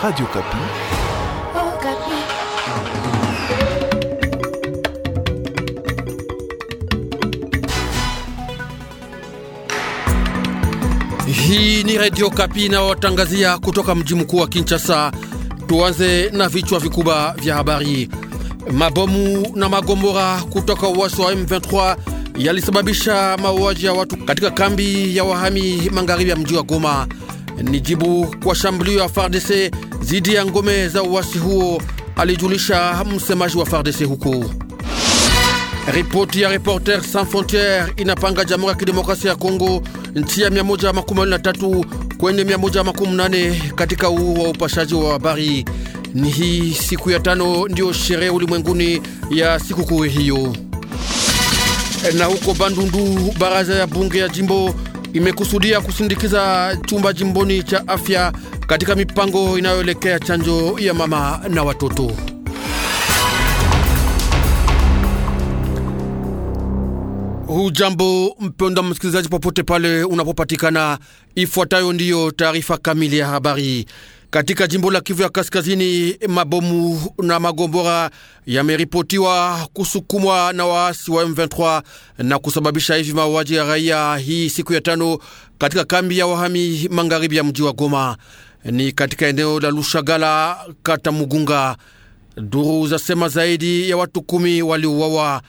Radio Kapi. Oh, Kapi. Hii ni Radio Kapi watangazia kutoka mji mkuu wa Kinshasa. Tuanze na vichwa vikubwa vya habari. Mabomu na magombora kutoka uwasi wa M23 yalisababisha mauaji ya watu katika kambi ya wahami magharibi ya mji wa Goma. Ni jibu kwa shambulio ya FARDC dhidi ya ngome za uasi huo, alijulisha msemaji wa FARDC huko. Ripoti ya Reporters Sans Frontiere inapanga Jamhuri ya Kidemokrasia ya Kongo nchi ya 123 kwenye 118 katika uhuru wa upashaji wa habari. Ni hii siku ya tano ndiyo sherehe ulimwenguni ya sikukuu hiyo. Na huko Bandundu, baraza ya bunge ya jimbo imekusudia kusindikiza chumba jimboni cha afya katika mipango inayoelekea chanjo ya mama na watoto. Hujambo mpenda msikilizaji, popote pale unapopatikana, ifuatayo ndiyo taarifa kamili ya habari. Katika jimbo la Kivu ya Kaskazini, mabomu na magombora yameripotiwa kusukumwa na waasi wa M23 na kusababisha hivi mauaji ya raia hii siku ya tano katika kambi ya wahami magharibi ya mji wa Goma ni katika eneo la Lushagala, kata Mugunga. Duru zasema zaidi ya watu kumi waliuawa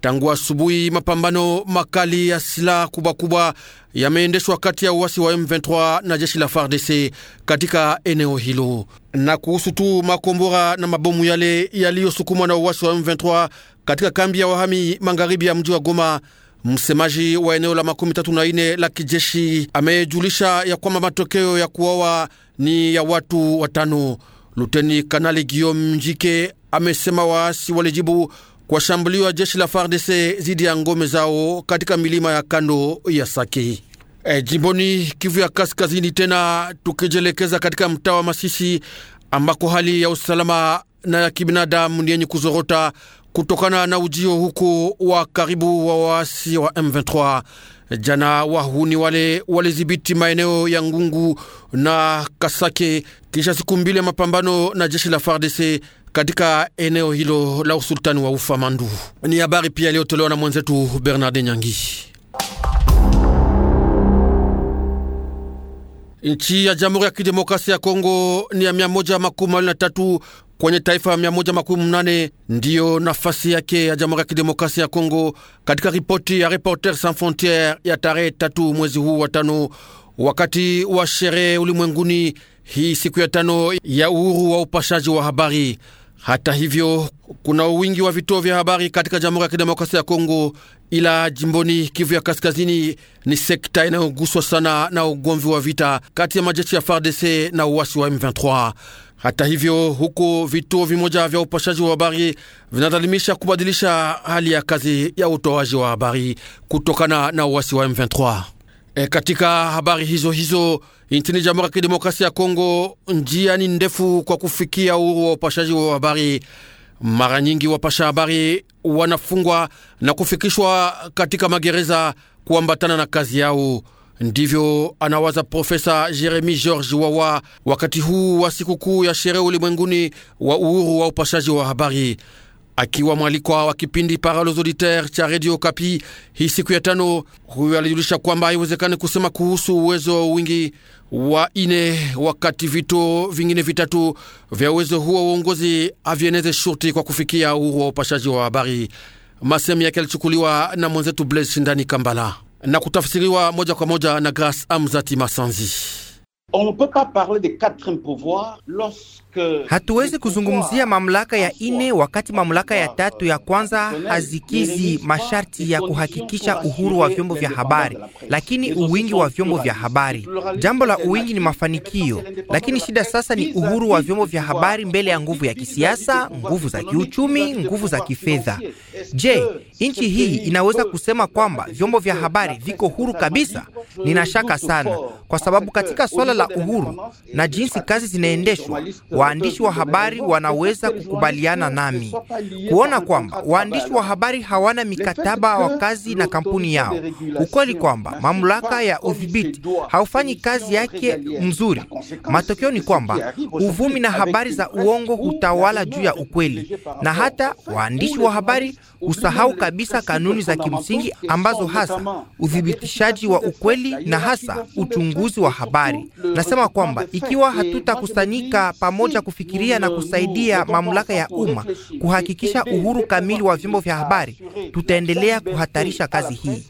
tangu asubuhi. Mapambano makali ya silaha kubwa kubwa yameendeshwa kati ya uasi wa M23 na jeshi la FARDC katika eneo hilo. Na kuhusu tu makombora na mabomu yale yaliyosukumwa na uasi wa M23 katika kambi ya wahami magharibi ya mji wa Goma, msemaji wa eneo la makumi tatu na ine la kijeshi amejulisha ya kwamba matokeo ya kuwawa ni ya watu watano. Luteni Kanali Guillaume Njike amesema waasi walijibu kwa shambulio ya jeshi la FARDC dhidi ya ngome zao katika milima ya kando ya Saki. E, jimboni Kivu ya Kaskazini, tena tukijielekeza katika mtaa wa Masisi ambako hali ya usalama na ya kibinadamu ni yenye kuzorota kutokana na ujio huko wa karibu wa waasi wa M23. Jana wahuni wale walidhibiti maeneo ya Ngungu na Kasake kisha siku mbili ya mapambano na jeshi la FARDC katika eneo hilo la usultani wa Ufa Mandu. Ni habari pia iliyotolewa na mwenzetu Bernard Nyangi. Nchi ya Jamhuri ya Kidemokrasia ya Kongo ni ya mia moja makumi mawili na tatu kwenye taifa mnane ndiyo nafasi yake ya Jamhuri ya Kidemokrasia ya Kongo katika ripoti ya Reporter Sans Frontiere ya tarehe tatu mwezi huu wa tano, wakati wa sherehe ulimwenguni hii siku ya tano ya uhuru wa upashaji wa habari. Hata hivyo kuna wingi wa vituo vya habari katika Jamhuri ya Kidemokrasia ya Kongo, ila jimboni Kivu ya Kaskazini ni sekta inayoguswa sana na ugomvi wa vita kati ya majeshi ya FARDC na uasi wa M23. Hata hivyo, huko vituo vimoja vya upashaji wa habari vinadhalimisha kubadilisha hali ya kazi ya utoaji wa habari kutokana na uasi wa M23. E, katika habari hizo hizo nchini Jamhuri ya Kidemokrasia ya Kongo, njia ni ndefu kwa kufikia uhuru wa upashaji wa habari. Mara nyingi wapasha habari wanafungwa na kufikishwa katika magereza kuambatana na kazi yao. Ndivyo anawaza Profesa Jeremi George Wawa wakati huu wa sikukuu ya sherehe ulimwenguni wa uhuru wa upashaji wa habari. Akiwa mwalikwa wa kipindi para los auditeurs cha Radio Kapi hii siku ya tano, huyo alijulisha kwamba haiwezekani kusema kuhusu uwezo wingi wa ine wakati vito vingine vitatu vya uwezo huo uongozi avieneze shurti kwa kufikia uhuru wa upashaji wa habari. Masemi yake alichukuliwa na mwenzetu Blaise Shindani Kambala na kutafsiriwa moja kwa moja na Grace Amzati Masanzi. On ne peut pas parler lorsque Hatuwezi kuzungumzia mamlaka ya ine wakati mamlaka ya tatu ya kwanza eh, hazikizi masharti ya kuhakikisha uhuru wa vyombo vya habari, lakini uwingi wa vyombo vya habari. Jambo la uwingi ni mafanikio, lakini shida sasa ni uhuru wa vyombo vya habari mbele ya nguvu ya kisiasa, nguvu za kiuchumi, nguvu za kifedha. Je, nchi hii inaweza kusema kwamba vyombo vya habari viko huru kabisa? Ninashaka sana, kwa sababu katika swala la uhuru na jinsi kazi zinaendeshwa waandishi wa habari wanaweza kukubaliana nami kuona kwamba waandishi wa habari hawana mikataba wa kazi na kampuni yao. Ukweli kwamba mamlaka ya udhibiti haufanyi kazi yake mzuri, matokeo ni kwamba uvumi na habari za uongo hutawala juu ya ukweli, na hata waandishi wa habari husahau kabisa kanuni za kimsingi ambazo hasa uthibitishaji wa ukweli na hasa uchunguzi wa habari. Nasema kwamba ikiwa hatutakusanyika pamoja cha kufikiria na kusaidia mamlaka ya umma kuhakikisha uhuru kamili wa vyombo vya habari, tutaendelea kuhatarisha kazi hii.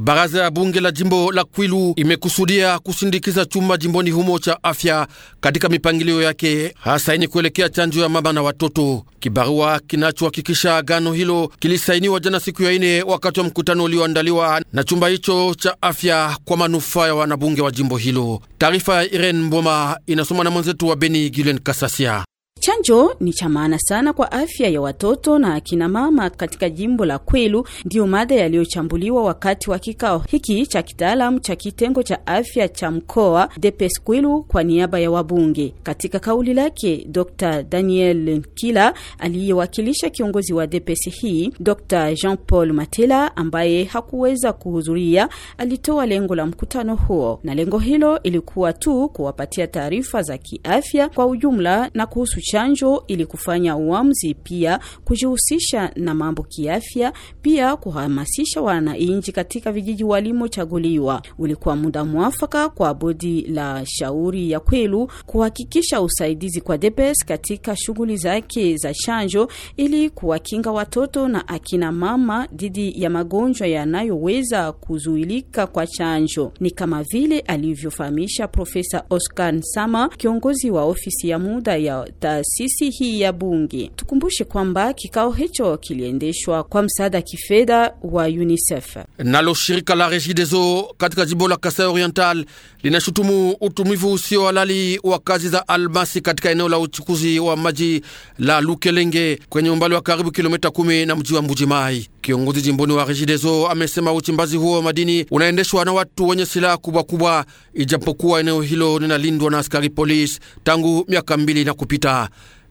Baraza ya bunge la jimbo la Kwilu imekusudia kusindikiza chumba jimboni humo cha afya katika mipangilio yake hasa yenye kuelekea chanjo ya mama na watoto. Kibarua kinachohakikisha agano hilo kilisainiwa jana siku ya ine wakati wa mkutano ulioandaliwa na chumba hicho cha afya kwa manufaa ya wanabunge wa jimbo hilo. Taarifa ya Irene Mboma inasoma na mwenzetu wa Beni Gilen Kasasia. Chanjo ni cha maana sana kwa afya ya watoto na akina mama katika jimbo la Kwilu, ndiyo mada yaliyochambuliwa wakati wa kikao hiki cha kitaalamu cha kitengo cha afya cha mkoa DPS Kwilu kwa niaba ya wabunge. Katika kauli lake, Dr Daniel Nkila aliyewakilisha kiongozi wa DPS hii, Dr Jean Paul Matela ambaye hakuweza kuhudhuria, alitoa lengo la mkutano huo, na lengo hilo ilikuwa tu kuwapatia taarifa za kiafya kwa ujumla na kuhusu chanjo ili kufanya uamuzi, pia kujihusisha na mambo kiafya, pia kuhamasisha wananchi katika vijiji walimochaguliwa. Ulikuwa muda mwafaka kwa bodi la shauri ya kwelu kuhakikisha usaidizi kwa DPS katika shughuli zake za chanjo ili kuwakinga watoto na akina mama dhidi ya magonjwa yanayoweza kuzuilika kwa chanjo. Ni kama vile alivyofahamisha Profesa Oscar Nsama, kiongozi wa ofisi ya muda ya taasisi hii ya bunge. Tukumbushe kwamba kikao hicho kiliendeshwa kwa msaada kifedha wa UNICEF. Nalo shirika la Regideso katika jimbo la Kasai Oriental linashutumu utumivu usio halali wa kazi za almasi katika eneo la uchukuzi wa maji la Lukelenge kwenye umbali wa karibu kilomita kumi na mji wa Mbujimai. Kiongozi jimboni wa Regideso amesema uchimbaji huo wa madini unaendeshwa na watu wenye silaha kubwa kubwa, ijapokuwa eneo hilo linalindwa na askari polisi tangu miaka mbili na kupita.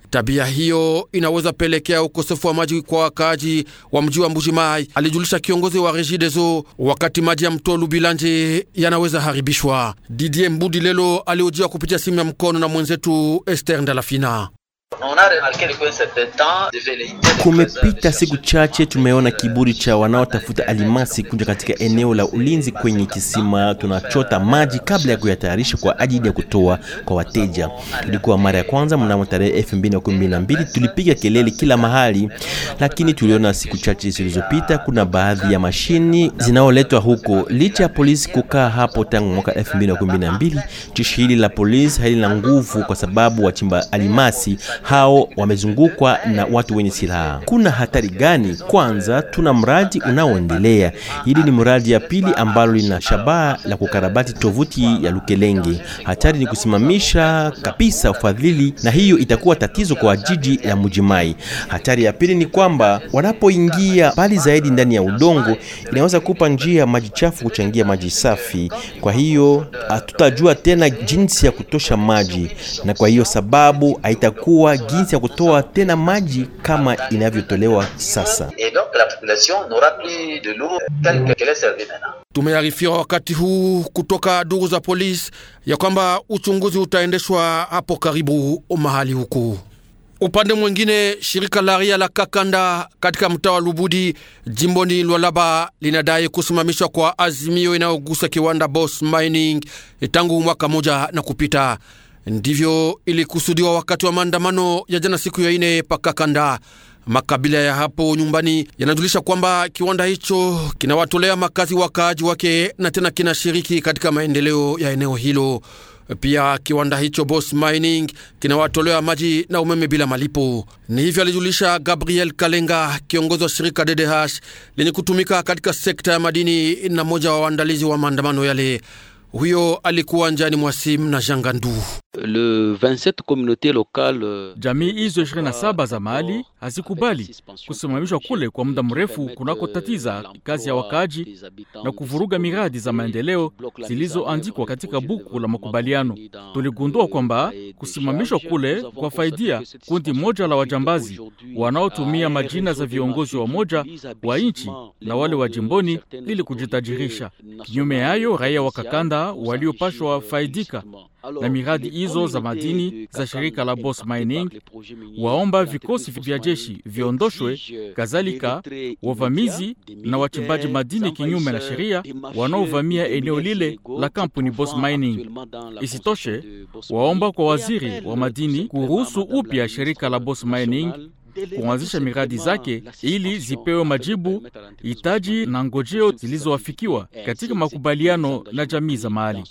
Tabia hiyo inaweza pelekea ukosefu wa maji kwa wakaaji wa mji wa Mbujimai, alijulisha kiongozi wa Regideso, wakati maji ya mto Lubilanje yanaweza haribishwa. Didie Mbudi Lelo aliojia kupitia simu ya mkono na mwenzetu Esther Ndalafina. Kumepita siku chache, tumeona kiburi cha wanaotafuta alimasi kuja katika eneo la ulinzi kwenye kisima tunachota maji kabla ya kuyatayarisha kwa ajili ya kutoa kwa wateja. Ilikuwa mara ya kwanza mnamo tarehe 2012 tulipiga kelele kila mahali, lakini tuliona siku chache zilizopita kuna baadhi ya mashini zinaoletwa huko. Licha ya polisi kukaa hapo tangu mwaka 2012, jeshi hili la polisi halina nguvu, kwa sababu wachimba alimasi hao wamezungukwa na watu wenye silaha. Kuna hatari gani? Kwanza, tuna mradi unaoendelea. Hili ni mradi ya pili ambalo lina shabaha la kukarabati tovuti ya Lukelenge. Hatari ni kusimamisha kabisa ufadhili, na hiyo itakuwa tatizo kwa jiji la Mujimai. Hatari ya pili ni kwamba wanapoingia mbali zaidi ndani ya udongo, inaweza kupa njia maji chafu kuchangia maji safi. Kwa hiyo hatutajua tena jinsi ya kutosha maji, na kwa hiyo sababu haitakuwa kuelewa jinsi ya kutoa tena maji kama inavyotolewa sasa. Tumearifiwa wakati huu kutoka duru za polisi ya kwamba uchunguzi utaendeshwa hapo karibu mahali huku. Upande mwengine, shirika la ria la Kakanda katika mtaa wa Lubudi jimboni Lwalaba linadai kusimamishwa kwa azimio inayogusa kiwanda Boss Mining tangu mwaka moja na kupita. Ndivyo ilikusudiwa wakati wa maandamano ya jana siku ya ine Pakakanda. Makabila ya hapo nyumbani yanajulisha kwamba kiwanda hicho kinawatolea makazi wakaaji wake na tena kinashiriki katika maendeleo ya eneo hilo. Pia kiwanda hicho Boss Mining kinawatolea maji na umeme bila malipo. Ni hivyo alijulisha Gabriel Kalenga, kiongozi wa shirika DDH lenye kutumika katika sekta ya madini na mmoja wa waandalizi wa maandamano yale. Huyo alikuwa njani mwasim na Jangandu. Le 27 communauté locale, euh, jamii hizo 27 za mali hazikubali kusimamishwa kule kwa muda mrefu kunakotatiza euh, kazi ya wakaaji na kuvuruga miradi za maendeleo zilizoandikwa katika buku la makubaliano. Tuligundua kwamba kusimamishwa kule kwa faidia kundi moja la wajambazi wanaotumia majina za viongozi wa moja wa nchi na wale wa jimboni ili kujitajirisha. Kinyume yayo, raia wa Kakanda waliopashwa faidika na miradi hizo za madini za shirika la Boss Mining, waomba vikosi vya jeshi viondoshwe, kadhalika wavamizi na wachimbaji madini kinyume na sheria wanaovamia eneo lile la kampuni Boss Mining. Isitoshe, waomba kwa waziri wa madini kuruhusu upya shirika la Boss Mining kuanzisha miradi zake ili zipewe majibu hitaji na ngojeo zilizoafikiwa katika makubaliano na jamii za mahali.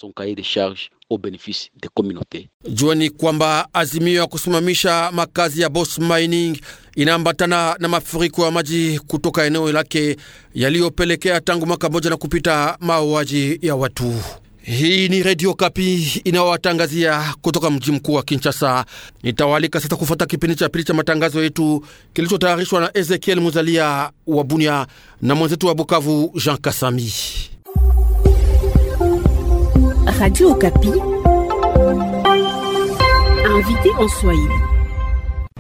ni kwamba azimio ya kusimamisha makazi ya Boss Mining inaambatana na mafuriko ya maji kutoka eneo lake yaliyopelekea tangu mwaka moja na kupita mauaji ya watu. Hii ni Redio Kapi inayowatangazia kutoka mji mkuu wa Kinshasa. nitawalika sasa kufuata kipindi cha pili cha matangazo yetu kilichotayarishwa na Ezekiel Muzalia wa Bunia na mwenzetu wa Bukavu Jean Kasami. Radio Kapi invité en Swahili.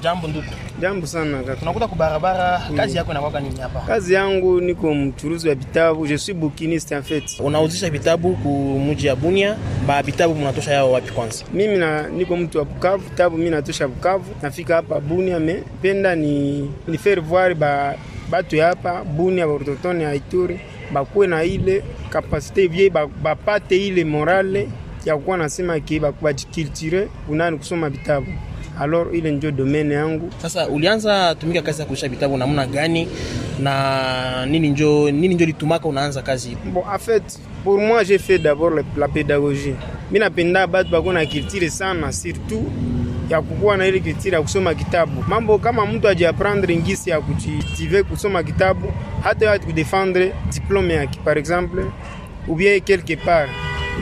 Jambo ndugu Jambo sana kaka. Tunakuta ku barabara, mm. kazi yako inakuwa nini hapa? Kazi yangu niko mchuruzi wa vitabu, je suis bouquiniste en fait. Unauzisha vitabu ku mji ya Bunia, ba vitabu mnatosha yao wapi kwanza? Mimi na niko mtu wa Bukavu, vitabu mimi natosha Bukavu, nafika hapa Bunia me penda ni ni faire voir ba batu ya hapa Bunia ba Rutotoni ya Ituri bakuwe na ile kapasite vie bapate ile morale ya kuwa nasema ki bakubajikulture kunani kusoma vitabu alors ile ndio domaine yangu. Sasa ulianza tumika kazi ya kuisha vitabu namna gani na nini njo nini njo litumaka unaanza kazi? Bon, en fait pour moi j'ai fait d'abord la, pédagogie. Mimi napenda batu bako na culture sana surtout ya kukuwa na ile kitira ya kusoma kitabu. Mambo kama mtu ajiaprendre ngisi ya kujitive kusoma kitabu, hata ya kudefendre diplome yake par exemple ou bien quelque part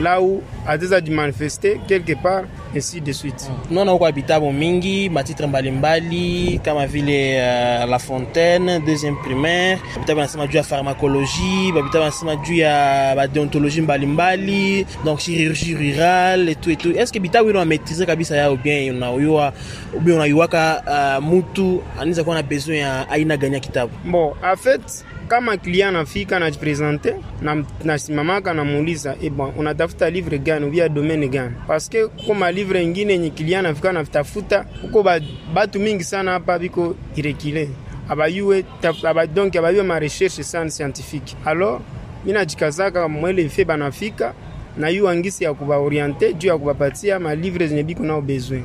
là où a déjà dû manifester quelque part ainsi de suite. Naona huko habitabo mingi matitre mbalimbali kama vile Camaville euh, La Fontaine deuxième primaire, habitabo nasema juu ya pharmacologie, habitabo nasema à déontologie badeontologie mbalimbali, donc chirurgie rurale et tout et tout. Est-ce que bitabo ino ametize kabisa ou bien a bien on a uh, mutu anaweza kuwa na besoin ya aina Gagna ya kitabu? Bon, en fait Kama klian anafika anajipresente, nasimamaka na namuuliza, e eh, bwana, unatafuta livre gani ubia domaine gani? Paske kuko malivre ingine yenye klian anafika anatafuta, kuko batu mingi sana hapa biko irekile abayue aba, donc abayue mareshershe sana scientifique. Alors mina jikazaka mwele ife banafika na yu angisi ya kubaoriente juu ya kubapatia malivre zenye biko nao besoin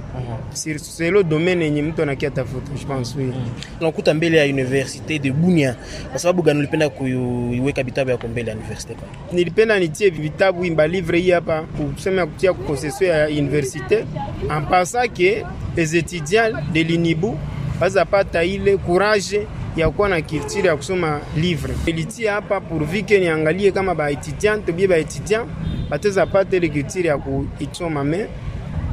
uh-huh. selo domaine yenye mtu anakia tafuta je pense oui. Mm. nakuta mbele à universite de Bunia, kwa sababu gani ulipenda kuiweka vitabu yako mbele ya universite? Nilipenda nitie vitabu imba livre hii hapa kusema kutia ya l'université en passant que les étudiants de l'Unibu bazapata ile courage ya kuwa na culture ya kusoma livre. Ilitia hapa pourvu que niangalie kama ba étudiant bi ba étudiant bateza pate ile culture ya kuisoma me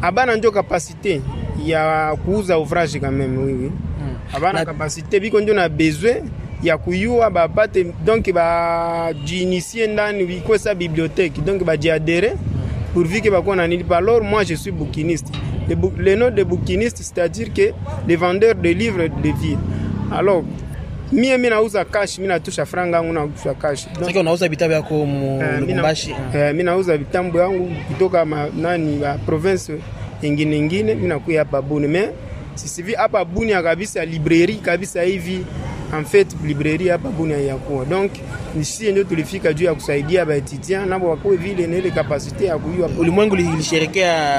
abana ndio capacité ya kuuza ouvrage quand même oui. Hmm. Abana capacité. biko ndio na besoin ya kuyua bapate donc bajiinisie ndani sa bibliothèque donc pour pourvu que bakona ni. alors moi je suis bouquiniste le, bou, le nom de bouquiniste c'est-à-dire que les vendeurs de livres de ville alors Mie mi nauza cash, mimi natusha franga yangu nausha cash. Sasa unauza vitabu yako eh, Lubumbashi? Eh, eh mimi nauza vitabu yangu kutoka nani ya province nyingine nyingine, mimi nakuya hapa Buni. Me sisi hivi hapa Buni kabisa librairie kabisa hivi en fait librairie hapa Bunia yakuwa donc nisi ndio tulifika juu ya kusaidia baetitia nabo wakuwe vile na ile kapasite ya kuyua. Ulimwengu ilisherekea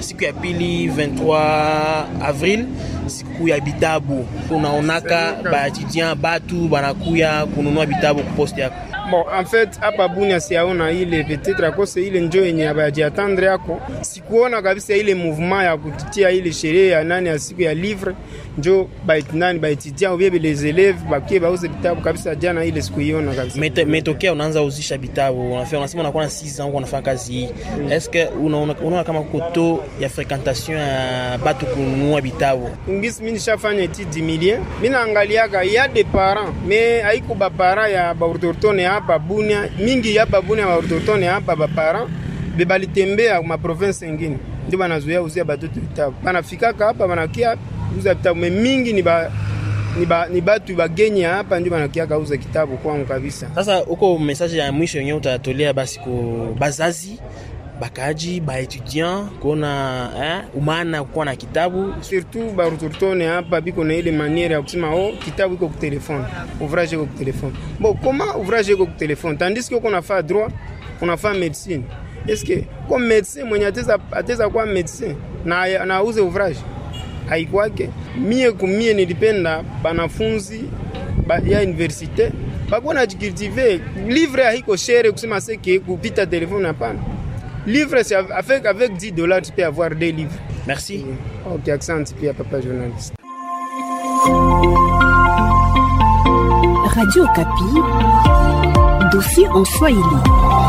siku ya pili 23 Avril, siku ya bitabu. Unaonaka baetitia batu banakuya kununua bitabu kuposti yako Bon, en fait hapa Bunia siaona ile petitra kose ile njo yenye abajiatandre yako, sikuona kabisa ile mouvement ya kutia ile sherehe ya nani ya siku ya livre njo baitinani baitidia ubiebe les élèves bakie bauze bitabu kabisa. Jana ile siku hiyo na kabisa. Metokea unaanza uzisha bitabu, unafia unasema unakuwa na 6 ans unafanya kazi hii mm. Est-ce que unaona kama koto ya fréquentation ya batu kununua bitabu ngisi? Mimi nishafanya eti 10 million mimi naangaliaka ya de parents mais haiko ba parents ya ba autochtone hapa Bunia mingi ya ba Bunia ba autochtone hapa ba parents bebalitembea ma province nyingine, ndio banazoea uzia batoto vitabu, banafikaka hapa banakia kuuza vitabu mingi ni ba ni batu bagenya hapa ndio banakia kauza kitabu kwangu kabisa. Sasa huko message ya mwisho yenyewe utatolea basi ku bazazi bakaji ba etudiant kuona eh, umana kuwa na kitabu surtout baruturutone hapa biko na ile maniere ya kusema oh, kitabu iko kutelefone, ouvrage iko kutelefone. Bon, koma ouvrage iko kutelefone tandis que kunafaa droit kunafaa medicine eske ko medecin mwenye ateza kuwa medecin na auze ouvrage haikwake. Mie kumie nilipenda banafunzi ba, ya universite bakuwa najikultive livre haiko shere kusema seke kupita telefone, hapana. Livre si avec, avec 10 dollars tu peux avoir des livres. Merci. Mm. Ok, accent pia papa journaliste. Radio Kapi, dossier en Swahili.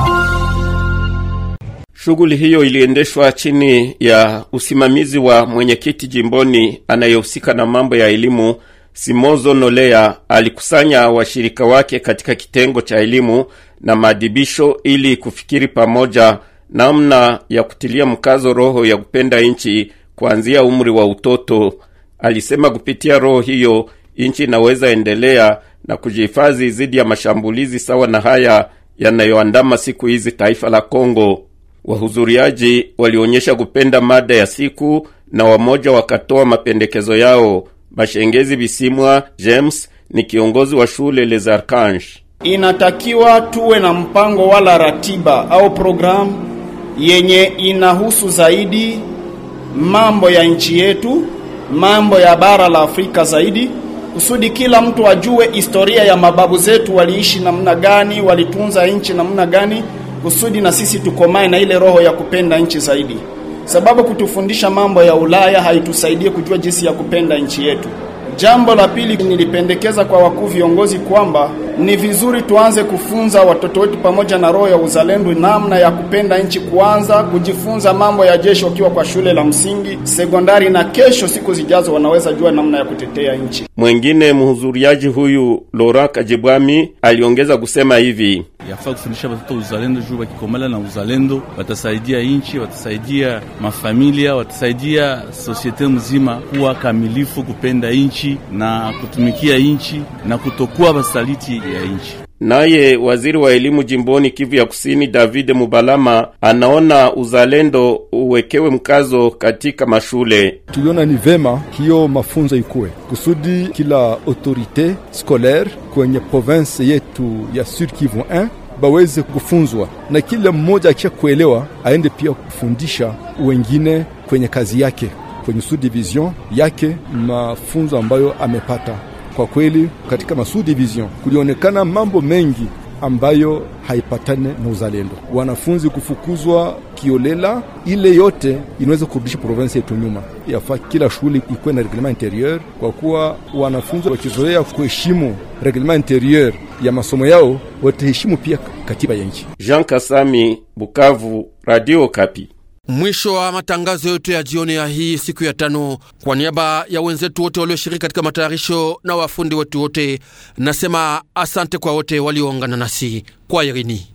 Shughuli hiyo iliendeshwa chini ya usimamizi wa mwenyekiti jimboni anayehusika na mambo ya elimu. Simozo Nolea alikusanya washirika wake katika kitengo cha elimu na maadibisho ili kufikiri pamoja namna ya kutilia mkazo roho ya kupenda nchi kuanzia umri wa utoto. Alisema kupitia roho hiyo nchi inaweza endelea na kujihifadhi dhidi ya mashambulizi sawa na haya yanayoandama siku hizi taifa la Kongo. Wahudhuriaji walionyesha kupenda mada ya siku na wamoja wakatoa mapendekezo yao. Bashengezi Bisimwa James ni kiongozi wa shule Les Archanges. Inatakiwa tuwe na mpango wala ratiba au programu yenye inahusu zaidi mambo ya nchi yetu, mambo ya bara la Afrika zaidi, kusudi kila mtu ajue historia ya mababu zetu, waliishi namna gani, walitunza nchi namna gani kusudi na sisi tukomae na ile roho ya kupenda nchi zaidi, sababu kutufundisha mambo ya Ulaya haitusaidie kujua jinsi ya kupenda nchi yetu. Jambo la pili, nilipendekeza kwa wakuu viongozi kwamba ni vizuri tuanze kufunza watoto wetu pamoja na roho ya uzalendo, namna ya kupenda nchi, kuanza kujifunza mambo ya jeshi wakiwa kwa shule la msingi, sekondari, na kesho siku zijazo wanaweza jua namna ya kutetea nchi. Mwengine mhudhuriaji huyu Lorak Ajibwami aliongeza kusema hivi: yafaa kufundisha watoto uzalendo, juu wakikomala na uzalendo watasaidia nchi, watasaidia mafamilia, watasaidia sosiete mzima kuwa kamilifu, kupenda nchi na kutumikia nchi na kutokuwa basaliti ya nchi. Naye waziri wa elimu jimboni Kivu ya Kusini, David Mubalama, anaona uzalendo uwekewe mkazo katika mashule. Tuliona ni vema hiyo mafunzo ikuwe kusudi kila autorite scolaire kwenye province yetu ya Sud Kivu 1 baweze kufunzwa na kila mmoja akisha kuelewa aende pia kufundisha wengine kwenye kazi yake kwenye subdivision yake mafunzo ambayo amepata. Kwa kweli katika Masudi Vision kulionekana mambo mengi ambayo haipatane na uzalendo, wanafunzi kufukuzwa kiolela. Ile yote inaweza kurudisha provensi yetu nyuma. Yafaa kila shule ikuwe na reglement interieur, kwa kuwa wanafunzi wakizoea kuheshimu reglement interieur ya masomo yao wataheshimu pia katiba ya nchi. Jean Kasami, Bukavu, Radio Kapi. Mwisho wa matangazo yote ya jioni ya hii siku ya tano, kwa niaba ya wenzetu wote walioshiriki katika matayarisho na wafundi wetu wote, nasema asante kwa wote walioungana nasi kwa Irini.